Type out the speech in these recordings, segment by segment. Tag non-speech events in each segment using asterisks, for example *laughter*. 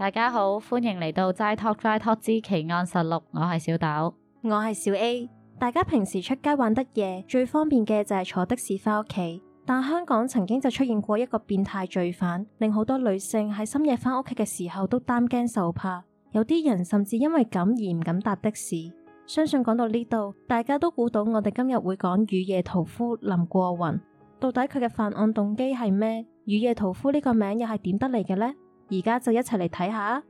大家好，歡迎嚟到齋 Talk 齋 Talk 之奇案實錄，我係小豆，我係小 A。大家平時出街玩得夜最方便嘅就係坐的士翻屋企，但香港曾經就出現過一個變態罪犯，令好多女性喺深夜翻屋企嘅時候都擔驚受怕，有啲人甚至因為咁而唔敢搭的士。相信講到呢度，大家都估到我哋今日會講雨夜屠夫林過雲，到底佢嘅犯案動機係咩？雨夜屠夫呢個名又係點得嚟嘅呢？而家就一齊嚟睇下。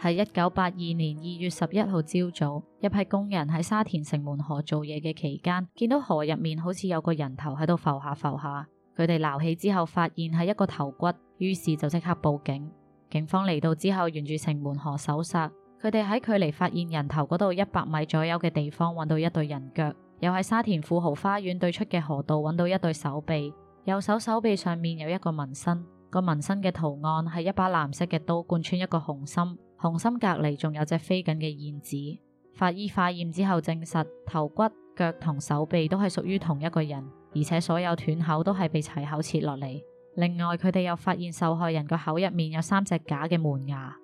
喺一九八二年二月十一號朝早，一批工人喺沙田城門河做嘢嘅期間，見到河入面好似有個人頭喺度浮下浮下。佢哋撈起之後，發現係一個頭骨，於是就即刻報警。警方嚟到之後，沿住城門河搜索，佢哋喺距離發現人頭嗰度一百米左右嘅地方，揾到一對人腳，又喺沙田富豪花園對出嘅河道揾到一對手臂，右手手臂上面有一個紋身。個紋身嘅圖案係一把藍色嘅刀貫穿一個紅心，紅心隔籬仲有隻飛緊嘅燕子。法醫化驗之後證實頭骨、腳同手臂都係屬於同一個人，而且所有斷口都係被齊口切落嚟。另外，佢哋又發現受害人個口入面有三隻假嘅門牙。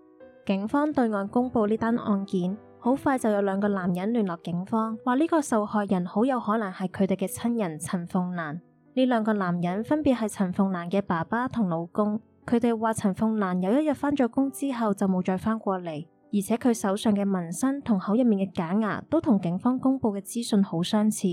警方對外公布呢單案件，好快就有兩個男人聯絡警方，話呢個受害人好有可能係佢哋嘅親人陳鳳蘭。呢兩個男人分別係陳鳳蘭嘅爸爸同老公，佢哋話陳鳳蘭有一日返咗工之後就冇再翻過嚟，而且佢手上嘅紋身同口入面嘅假牙都同警方公布嘅資訊好相似。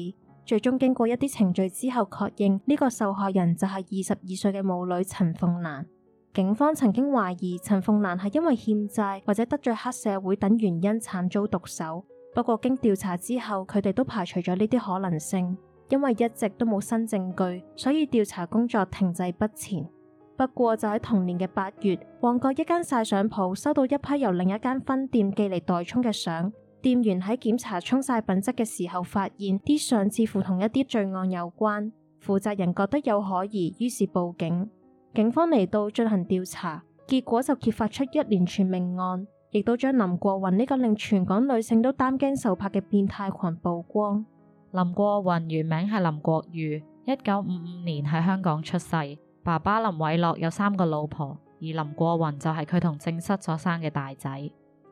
最終經過一啲程序之後，確認呢個受害人就係二十二歲嘅舞女陳鳳蘭。警方曾經懷疑陳鳳蘭係因為欠債或者得罪黑社會等原因慘遭毒手，不過經調查之後，佢哋都排除咗呢啲可能性。因為一直都冇新證據，所以調查工作停滯不前。不過就喺同年嘅八月，旺角一間曬相鋪收到一批由另一間分店寄嚟代沖嘅相，店員喺檢查沖曬品質嘅時候，發現啲相似乎同一啲罪案有關。負責人覺得有可疑，於是報警。警方嚟到進行調查，結果就揭發出一連串命案，亦都將林過雲呢個令全港女性都擔驚受怕嘅變態狂曝光。林過雲原名係林國裕，一九五五年喺香港出世。爸爸林偉樂有三個老婆，而林過雲就係佢同正室所生嘅大仔。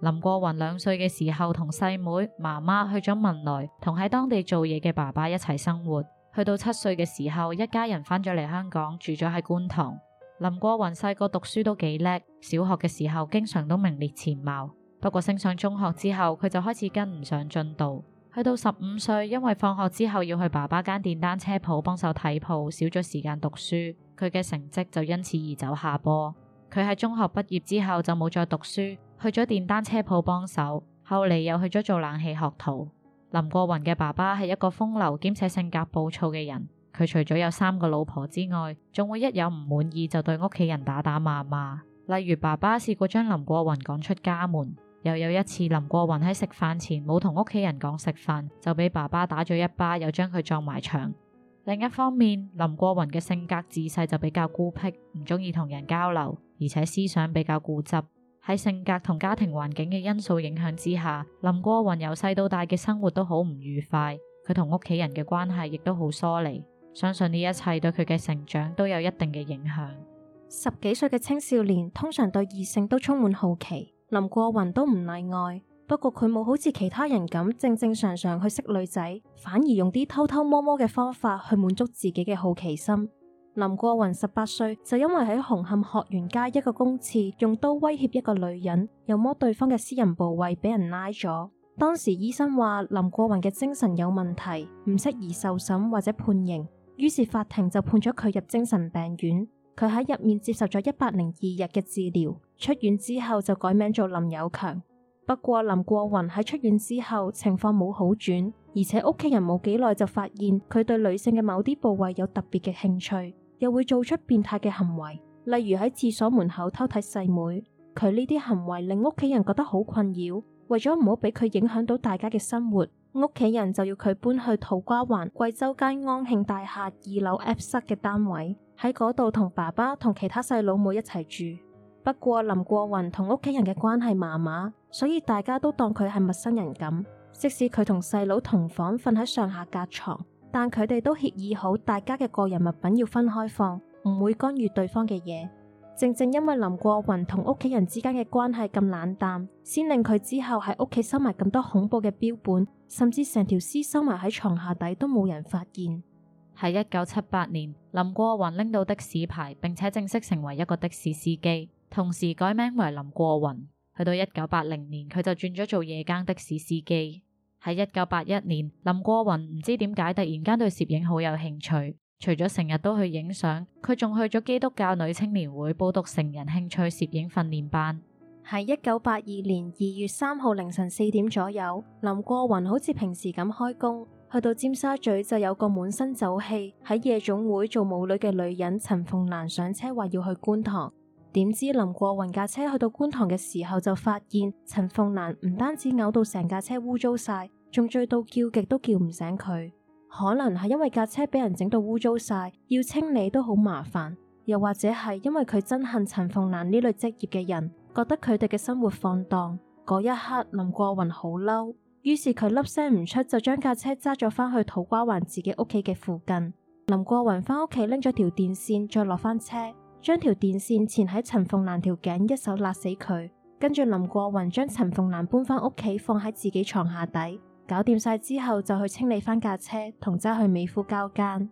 林過雲兩歲嘅時候同細妹、媽媽去咗文萊，同喺當地做嘢嘅爸爸一齊生活。去到七歲嘅時候，一家人返咗嚟，香港，住咗喺觀塘。林過雲細個讀書都幾叻，小學嘅時候經常都名列前茅。不過升上中學之後，佢就開始跟唔上進度。去到十五歲，因為放學之後要去爸爸間電單車鋪幫手睇鋪少咗時間讀書，佢嘅成績就因此而走下坡。佢喺中學畢業之後就冇再讀書，去咗電單車鋪幫手，後嚟，又去咗做冷氣學徒。林過雲嘅爸爸係一個風流兼且性格暴躁嘅人，佢除咗有三個老婆之外，仲會一有唔滿意就對屋企人打打罵罵，例如爸爸試過將林過雲趕出家門。又有一次，林過雲喺食飯前冇同屋企人講食飯，就俾爸爸打咗一巴，又將佢撞埋牆。另一方面，林過雲嘅性格自細就比較孤僻，唔中意同人交流，而且思想比較固執。喺性格同家庭環境嘅因素影響之下，林過雲由細到大嘅生活都好唔愉快，佢同屋企人嘅關係亦都好疏離。相信呢一切對佢嘅成長都有一定嘅影響。十幾歲嘅青少年通常對異性都充滿好奇。林過雲都唔例外，不過佢冇好似其他人咁正正常常去識女仔，反而用啲偷偷摸摸嘅方法去滿足自己嘅好奇心。林過雲十八歲就因為喺紅磡鶴園街一個公廁用刀威脅一個女人，又摸對方嘅私人部位，俾人拉咗。當時醫生話林過雲嘅精神有問題，唔適宜受審或者判刑，於是法庭就判咗佢入精神病院。佢喺入面接受咗一百零二日嘅治療。出院之後就改名做林友強。不過林過雲喺出院之後情況冇好轉，而且屋企人冇幾耐就發現佢對女性嘅某啲部位有特別嘅興趣，又會做出變態嘅行為，例如喺廁所門口偷睇細妹、妹。佢呢啲行為令屋企人覺得好困擾，為咗唔好俾佢影響到大家嘅生活，屋企人就要佢搬去土瓜灣貴州街安慶大廈二樓 F 室嘅單位，喺嗰度同爸爸同其他細佬妹一齊住。不過林過雲同屋企人嘅關係麻麻，所以大家都當佢係陌生人咁。即使佢同細佬同房瞓喺上下隔床，但佢哋都協議好，大家嘅個人物品要分開放，唔會干預對方嘅嘢。正正因為林過雲同屋企人之間嘅關係咁冷淡，先令佢之後喺屋企收埋咁多恐怖嘅標本，甚至成條屍收埋喺床下底都冇人發現。喺一九七八年，林過雲拎到的士牌，並且正式成為一個的士司機。同時改名為林過雲。去到一九八零年，佢就轉咗做夜間的士司機。喺一九八一年，林過雲唔知點解突然間對攝影好有興趣。除咗成日都去影相，佢仲去咗基督教女青年會報讀成人興趣攝影訓練班。喺一九八二年二月三號凌晨四點左右，林過雲好似平時咁開工，去到尖沙咀就有個滿身酒氣喺夜總會做舞女嘅女人陳鳳蘭上車，話要去觀塘。點知林過雲駕車去到觀塘嘅時候，就發現陳鳳蘭唔單止嘔到成架車污糟晒，仲醉到叫極都叫唔醒佢。可能係因為架車俾人整到污糟晒，要清理都好麻煩，又或者係因為佢憎恨陳鳳蘭呢類職業嘅人，覺得佢哋嘅生活放蕩。嗰一刻，林過雲好嬲，於是佢粒聲唔出就將架車揸咗返去土瓜灣自己屋企嘅附近。林過雲返屋企拎咗條電線，再落返車。將條電線纏喺陳鳳蘭條頸，一手勒死佢。跟住林過雲將陳鳳蘭搬返屋企，放喺自己床下底，搞掂晒之後就去清理翻架車，同揸去美孚交更。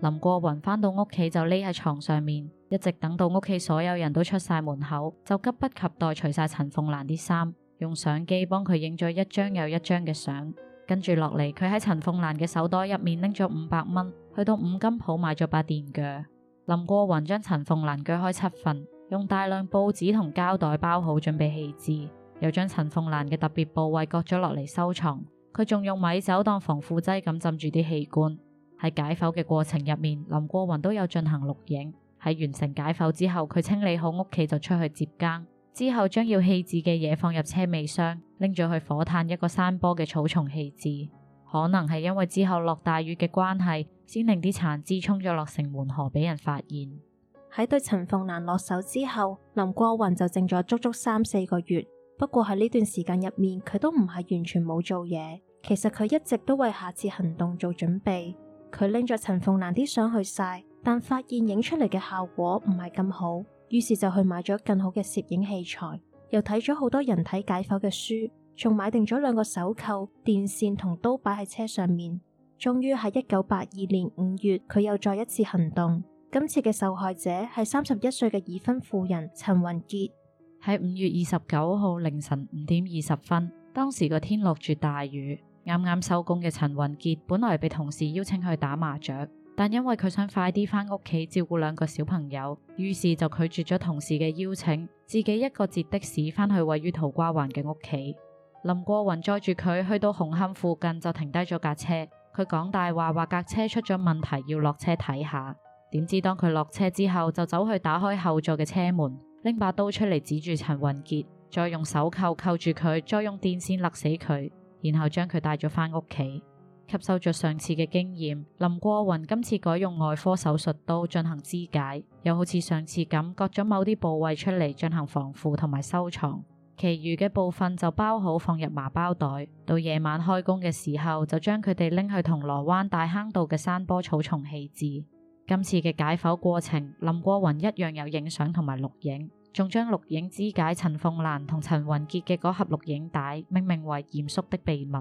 林過雲返到屋企就匿喺床上面，一直等到屋企所有人都出晒門口，就急不及待除晒陳鳳蘭啲衫，用相機幫佢影咗一張又一張嘅相。跟住落嚟，佢喺陳鳳蘭嘅手袋入面拎咗五百蚊，去到五金鋪買咗把電鋸。林過雲將陳鳳蘭鋸開七份，用大量報紙同膠袋包好，準備棄置。又將陳鳳蘭嘅特別部位割咗落嚟收藏。佢仲用米酒當防腐劑咁浸住啲器官。喺解剖嘅過程入面，林過雲都有進行錄影。喺完成解剖之後，佢清理好屋企就出去接更。之後將要棄置嘅嘢放入車尾箱，拎咗去火炭一個山坡嘅草叢棄置。可能係因為之後落大雨嘅關係，先令啲殘肢沖咗落城門河俾人發現。喺對陳鳳蘭落手之後，林過雲就靜咗足足三四個月。不過喺呢段時間入面，佢都唔係完全冇做嘢。其實佢一直都為下次行動做準備。佢拎咗陳鳳蘭啲相去曬，但發現影出嚟嘅效果唔係咁好，於是就去買咗更好嘅攝影器材，又睇咗好多人體解剖嘅書。仲買定咗兩個手扣、電線同刀，擺喺車上面。終於喺一九八二年五月，佢又再一次行動。今次嘅受害者係三十一歲嘅已婚婦人陳雲杰。喺五月二十九號凌晨五點二十分，當時個天落住大雨，啱啱收工嘅陳雲杰本來被同事邀請去打麻雀，但因為佢想快啲翻屋企照顧兩個小朋友，於是就拒絕咗同事嘅邀請，自己一個截的士翻去位於土瓜灣嘅屋企。林過雲載住佢去到紅磡附近就停低咗架車，佢講大話話架車出咗問題要落車睇下。點知當佢落車之後就走去打開後座嘅車門，拎把刀出嚟指住陳雲傑，再用手扣扣住佢，再用電線勒死佢，然後將佢帶咗返屋企。吸收咗上次嘅經驗，林過雲今次改用外科手術刀進行肢解，又好似上次咁割咗某啲部位出嚟進行防腐同埋收藏。其餘嘅部分就包好放入麻包袋，到夜晚開工嘅時候就將佢哋拎去銅鑼灣大坑道嘅山坡草叢棄置。今次嘅解剖過程，林過雲一樣有影相同埋錄影，仲將錄影肢解陳鳳蘭同陳雲傑嘅嗰盒錄影帶命名為《嚴肅的秘密》。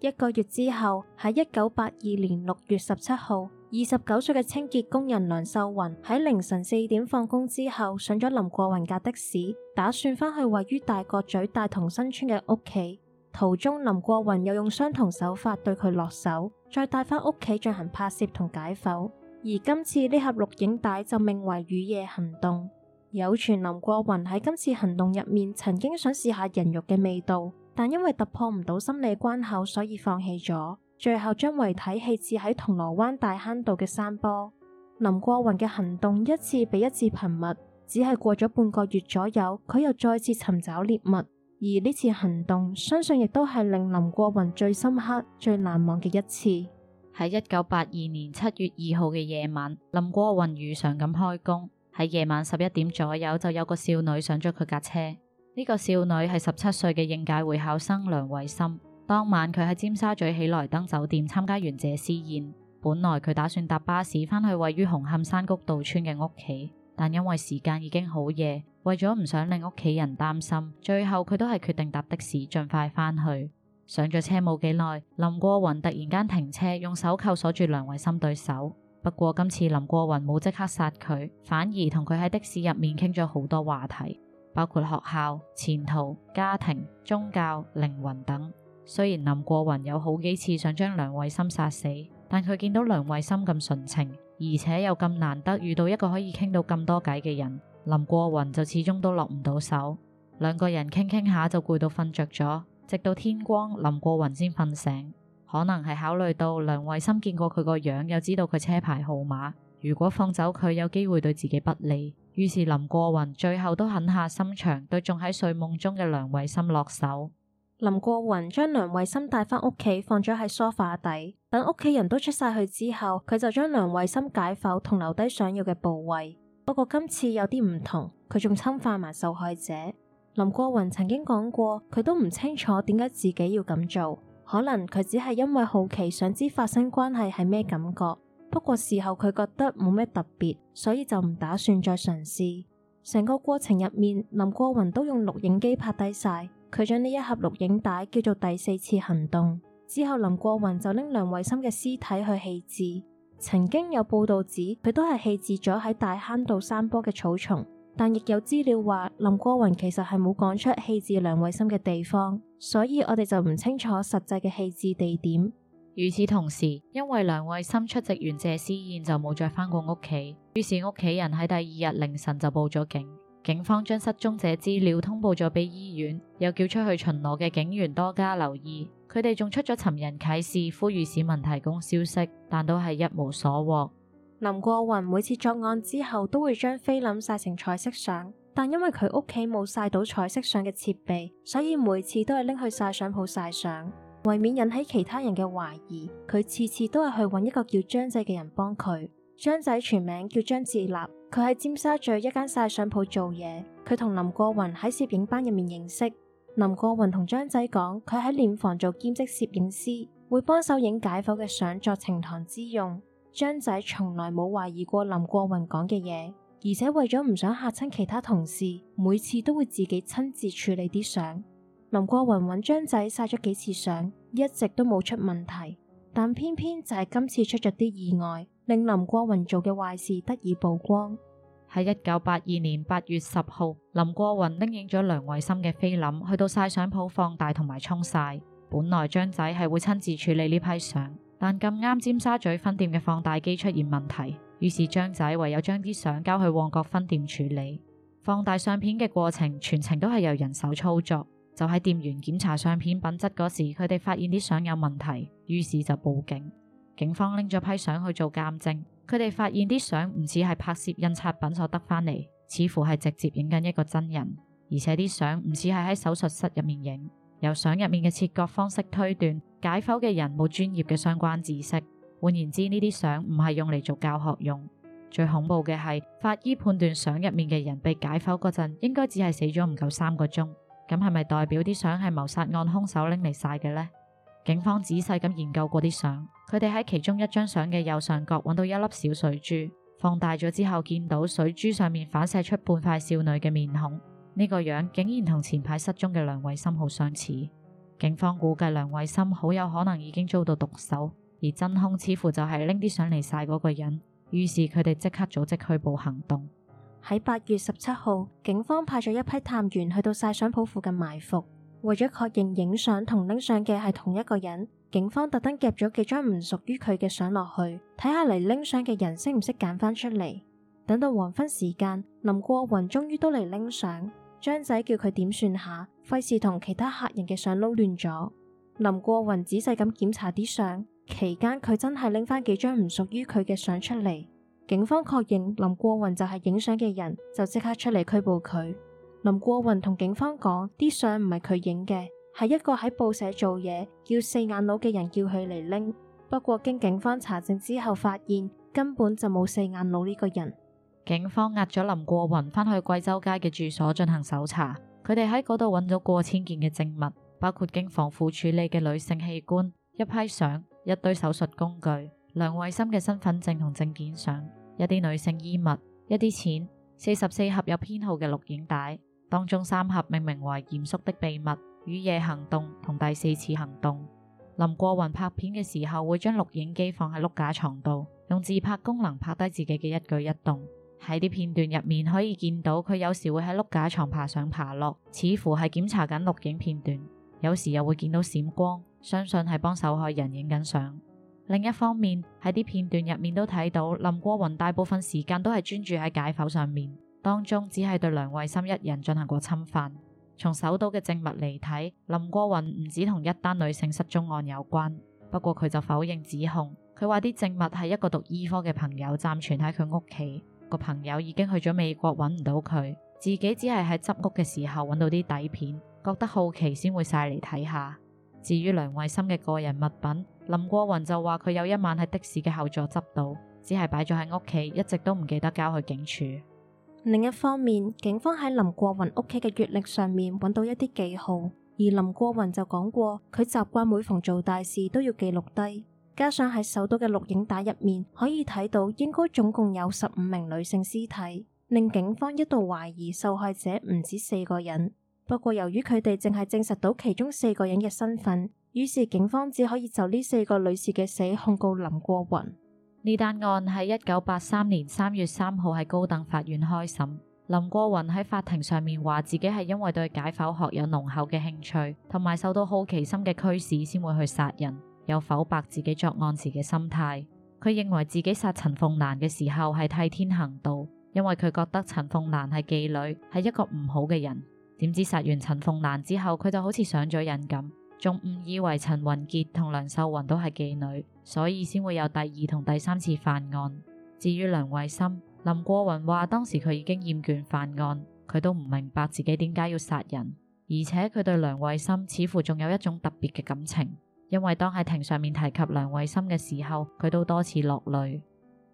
一個月之後，喺一九八二年六月十七號。二十九歲嘅清潔工人梁秀雲喺凌晨四點放工之後，上咗林過雲架的士，打算返去位於大角咀大同新村嘅屋企。途中，林過雲又用相同手法對佢落手，再帶返屋企進行拍攝同解剖。而今次呢盒錄影帶就命為《雨夜行動》。有傳林過雲喺今次行動入面，曾經想試下人肉嘅味道，但因為突破唔到心理關口，所以放棄咗。最後將遺體棄置喺銅鑼灣大坑道嘅山坡。林過雲嘅行動一次比一次頻密，只係過咗半個月左右，佢又再次尋找獵物。而呢次行動，相信亦都係令林過雲最深刻、最難忘嘅一次。喺一九八二年七月二號嘅夜晚，林過雲如常咁開工。喺夜晚十一點左右，就有個少女上咗佢架車。呢個少女係十七歲嘅應屆會考生梁慧心。當晚佢喺尖沙咀喜來登酒店參加完謝師宴。本來佢打算搭巴士返去位於紅磡山谷道村嘅屋企，但因為時間已經好夜，為咗唔想令屋企人擔心，最後佢都係決定搭的士盡快返去。上咗車冇幾耐，林過雲突然間停車，用手扣鎖住梁慧心對手。不過今次林過雲冇即刻殺佢，反而同佢喺的士入面傾咗好多話題，包括學校、前途、家庭、宗教、靈魂等。雖然林過雲有好幾次想將梁慧心殺死，但佢見到梁慧心咁純情，而且又咁難得遇到一個可以傾到咁多偈嘅人，林過雲就始終都落唔到手。兩個人傾傾下就攰到瞓着咗，直到天光，林過雲先瞓醒。可能係考慮到梁慧心見過佢個樣，又知道佢車牌號碼，如果放走佢，有機會對自己不利，於是林過雲最後都狠下心腸，對仲喺睡夢中嘅梁慧心落手。林過雲將梁慧心帶返屋企，放咗喺梳化底。等屋企人都出晒去之後，佢就將梁慧心解剖同留低想要嘅部位。不過今次有啲唔同，佢仲侵犯埋受害者。林過雲曾經講過，佢都唔清楚點解自己要咁做，可能佢只係因為好奇，想知發生關係係咩感覺。不過事後佢覺得冇咩特別，所以就唔打算再嘗試。成個過程入面，林過雲都用錄影機拍低晒。佢將呢一盒錄影帶叫做第四次行動之後，林過雲就拎梁慧心嘅屍體去棄置。曾經有報道指佢都係棄置咗喺大坑道山坡嘅草叢，但亦有資料話林過雲其實係冇講出棄置梁慧心嘅地方，所以我哋就唔清楚實際嘅棄置地點。與此同時，因為梁慧心出席完謝師宴就冇再返過屋企，於是屋企人喺第二日凌晨就報咗警。警方將失蹤者資料通報咗俾醫院，又叫出去巡邏嘅警員多加留意。佢哋仲出咗尋人啟事，呼籲市民提供消息，但都係一無所獲。林過雲每次作案之後都會將菲林晒成彩色相，但因為佢屋企冇晒到彩色相嘅設備，所以每次都係拎去晒相鋪晒相，為免引起其他人嘅懷疑，佢次次都係去揾一個叫張仔嘅人幫佢。張仔全名叫張志立。佢喺尖沙咀一間晒相鋪做嘢，佢同林過雲喺攝影班入面認識。林過雲同張仔講，佢喺殮房做兼職攝影師，會幫手影解剖嘅相作呈堂之用。張仔從來冇懷疑過林過雲講嘅嘢，而且為咗唔想吓親其他同事，每次都會自己親自處理啲相。林過雲揾張仔晒咗幾次相，一直都冇出問題，但偏偏就係今次出咗啲意外。令林過雲做嘅壞事得以曝光，喺一九八二年八月十號，林過雲拎影咗梁慧心嘅菲林去到晒相鋪放大同埋沖晒。本來張仔係會親自處理呢批相，但咁啱尖沙咀分店嘅放大機出現問題，於是張仔唯有將啲相交去旺角分店處理。放大相片嘅過程全程都係由人手操作，就喺店員檢查相片品質嗰時，佢哋發現啲相有問題，於是就報警。警方拎咗批相去做鑒證，佢哋發現啲相唔似係拍攝印刷品所得翻嚟，似乎係直接影緊一個真人，而且啲相唔似係喺手術室入面影。由相入面嘅切割方式推斷，解剖嘅人冇專業嘅相關知識。換言之，呢啲相唔係用嚟做教學用。最恐怖嘅係，法醫判斷相入面嘅人被解剖嗰陣，應該只係死咗唔夠三個鐘。咁係咪代表啲相係謀殺案兇手拎嚟曬嘅呢？警方仔細咁研究過啲相，佢哋喺其中一張相嘅右上角揾到一粒小水珠，放大咗之後見到水珠上面反射出半塊少女嘅面孔，呢個樣竟然同前排失蹤嘅梁慧心好相似。警方估計梁慧心好有可能已經遭到毒手，而真兇似乎就係拎啲相嚟晒嗰個人。於是佢哋即刻組織拘捕行動。喺八月十七號，警方派咗一批探員去到晒相鋪附近埋伏。為咗確認影相同拎相嘅係同一個人，警方特登夾咗幾張唔屬於佢嘅相落去，睇下嚟拎相嘅人識唔識揀翻出嚟。等到黃昏時間，林過雲終於都嚟拎相，張仔叫佢點算下，費事同其他客人嘅相撈亂咗。林過雲仔細咁檢查啲相，期間佢真係拎翻幾張唔屬於佢嘅相出嚟。警方確認林過雲就係影相嘅人，就即刻出嚟拘捕佢。林過雲同警方講啲相唔係佢影嘅，係一個喺報社做嘢叫四眼佬嘅人叫佢嚟拎不過經警方查證之後，發現根本就冇四眼佬呢個人。警方押咗林過雲返去貴州街嘅住所進行搜查，佢哋喺嗰度揾咗過千件嘅證物，包括經防腐處理嘅女性器官、一批相、一堆手術工具、梁慧心嘅身份證同證件相、一啲女性衣物、一啲錢、四十四盒有編號嘅錄影帶。當中三盒命名為嚴肅的秘密、雨夜行動同第四次行動。林過雲拍片嘅時候，會將錄影機放喺碌架床度，用自拍功能拍低自己嘅一舉一動。喺啲片段入面可以見到，佢有時會喺碌架床爬上爬落，似乎係檢查緊錄影片段；有時又會見到閃光，相信係幫受害人影緊相。另一方面，喺啲片段入面都睇到林過雲大部分時間都係專注喺解剖上面。當中只係對梁慧心一人進行過侵犯。從搜到嘅證物嚟睇，林過雲唔止同一單女性失蹤案有關，不過佢就否認指控。佢話啲證物係一個讀醫科嘅朋友暫存喺佢屋企，個朋友已經去咗美國，揾唔到佢，自己只係喺執屋嘅時候揾到啲底片，覺得好奇先會曬嚟睇下。至於梁慧心嘅個人物品，林過雲就話佢有一晚喺的士嘅後座執到，只係擺咗喺屋企，一直都唔記得交去警署。另一方面，警方喺林過雲屋企嘅月曆上面揾到一啲記號，而林過雲就講過佢習慣每逢做大事都要記錄低，加上喺首都嘅錄影帶入面可以睇到，應該總共有十五名女性屍體，令警方一度懷疑受害者唔止四個人。不過由於佢哋淨係證實到其中四個人嘅身份，於是警方只可以就呢四個女士嘅死控告林過雲。呢單案喺一九八三年三月三號喺高等法院開審。林過雲喺法庭上面話自己係因為對解剖學有濃厚嘅興趣，同埋受到好奇心嘅驅使，先會去殺人，有否白自己作案時嘅心態。佢認為自己殺陳鳳蘭嘅時候係替天行道，因為佢覺得陳鳳蘭係妓女，係一個唔好嘅人。點知殺完陳鳳蘭之後，佢就好似上咗癮咁。仲誤以為陳雲杰同梁秀雲都係妓女，所以先會有第二同第三次犯案。至於梁慧心，林過雲話當時佢已經厭倦犯案，佢都唔明白自己點解要殺人，而且佢對梁慧心似乎仲有一種特別嘅感情，因為當喺庭上面提及梁慧心嘅時候，佢都多次落淚。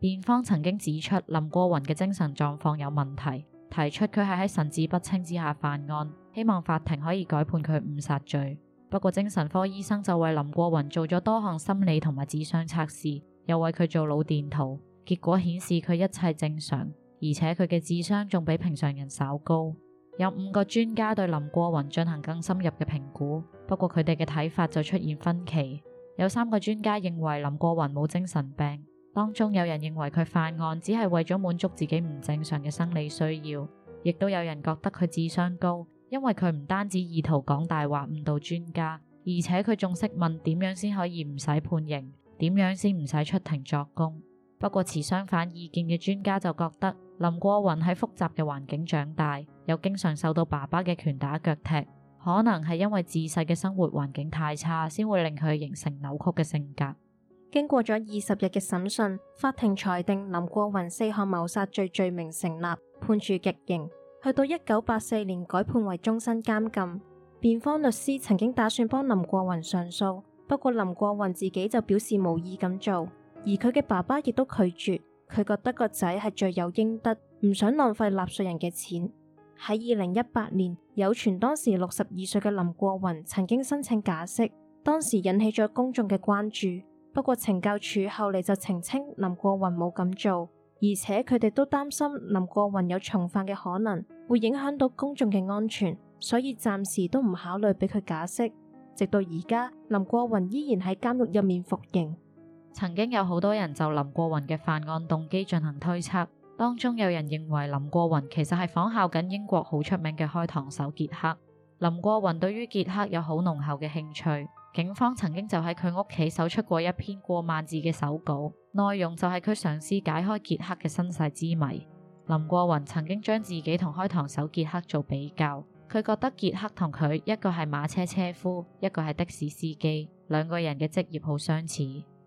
辯方曾經指出林過雲嘅精神狀況有問題，提出佢係喺神志不清之下犯案，希望法庭可以改判佢誤殺罪。不過精神科醫生就為林過雲做咗多項心理同埋智商測試，又為佢做腦電圖，結果顯示佢一切正常，而且佢嘅智商仲比平常人稍高。有五個專家對林過雲進行更深入嘅評估，不過佢哋嘅睇法就出現分歧。有三個專家認為林過雲冇精神病，當中有人認為佢犯案只係為咗滿足自己唔正常嘅生理需要，亦都有人覺得佢智商高，因為佢唔單止意圖講大話，誤導專家，而且佢仲識問點樣先可以唔使判刑，點樣先唔使出庭作供。不過持相反意見嘅專家就覺得林過雲喺複雜嘅環境長大，又經常受到爸爸嘅拳打腳踢，可能係因為自細嘅生活環境太差，先會令佢形成扭曲嘅性格。經過咗二十日嘅審訊，法庭裁定林過雲四項謀殺罪罪名成立，判處極刑。去到一九八四年改判為終身監禁，辯方律師曾經打算幫林過雲上訴，不過林過雲自己就表示無意咁做，而佢嘅爸爸亦都拒絕，佢覺得個仔係罪有應得，唔想浪費納稅人嘅錢。喺二零一八年有傳當時六十二歲嘅林過雲曾經申請假釋，當時引起咗公眾嘅關注，不過懲教署後嚟就澄清林過雲冇咁做。而且佢哋都擔心林過雲有重犯嘅可能，會影響到公眾嘅安全，所以暫時都唔考慮俾佢假釋。直到而家，林過雲依然喺監獄入面服刑。曾經有好多人就林過雲嘅犯案動機進行推測，當中有人認為林過雲其實係仿效緊英國好出名嘅開膛手傑克。林過雲對於傑克有好濃厚嘅興趣。警方曾經就喺佢屋企搜出過一篇過萬字嘅手稿，內容就係佢嘗試解開傑克嘅身世之謎。林過雲曾經將自己同開膛手傑克做比較，佢覺得傑克同佢一個係馬車車夫，一個係的士司機，兩個人嘅職業好相似。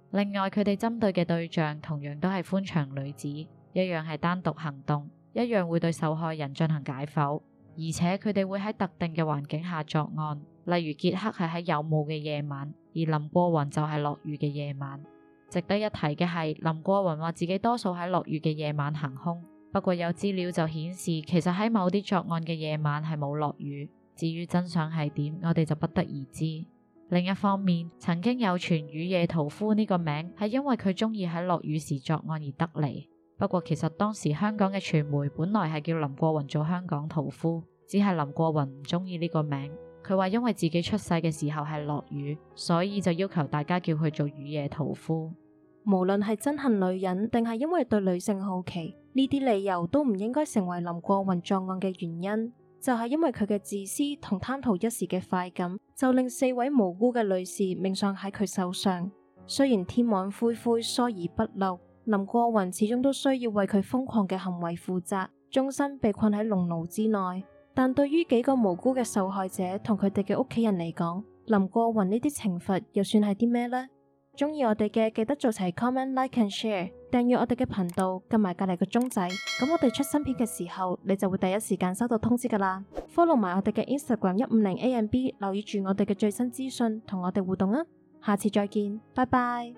另外，佢哋針對嘅對象同樣都係歡場女子，一樣係單獨行動，一樣會對受害人進行解剖，而且佢哋會喺特定嘅環境下作案。例如傑克係喺有霧嘅夜晚，而林過雲就係落雨嘅夜晚。值得一提嘅係，林過雲話自己多數喺落雨嘅夜晚行凶，不過有資料就顯示，其實喺某啲作案嘅夜晚係冇落雨。至於真相係點，我哋就不得而知。另一方面，曾經有傳雨夜屠夫呢個名係因為佢鍾意喺落雨時作案而得嚟，不過其實當時香港嘅傳媒本來係叫林過雲做香港屠夫，只係林過雲唔鍾意呢個名。佢話因為自己出世嘅時候係落雨，所以就要求大家叫佢做雨夜屠夫。無論係憎恨女人，定係因為對女性好奇，呢啲理由都唔應該成為林過雲作案嘅原因。就係、是、因為佢嘅自私同貪圖一時嘅快感，就令四位無辜嘅女士命喪喺佢手上。雖然天網恢恢疏而不漏，林過雲始終都需要為佢瘋狂嘅行為負責，終身被困喺牢籠之內。但對於幾個無辜嘅受害者同佢哋嘅屋企人嚟講，林過雲呢啲懲罰又算係啲咩呢？中意我哋嘅記得做齊 comment、like and share，訂閱我哋嘅頻道，撳埋隔籬個鐘仔，咁我哋出新片嘅時候，你就會第一時間收到通知噶啦。 *noise* follow 埋我哋嘅 instagram 一五零 a m b，留意住我哋嘅最新資訊，同我哋互動啊！下次再見，拜拜。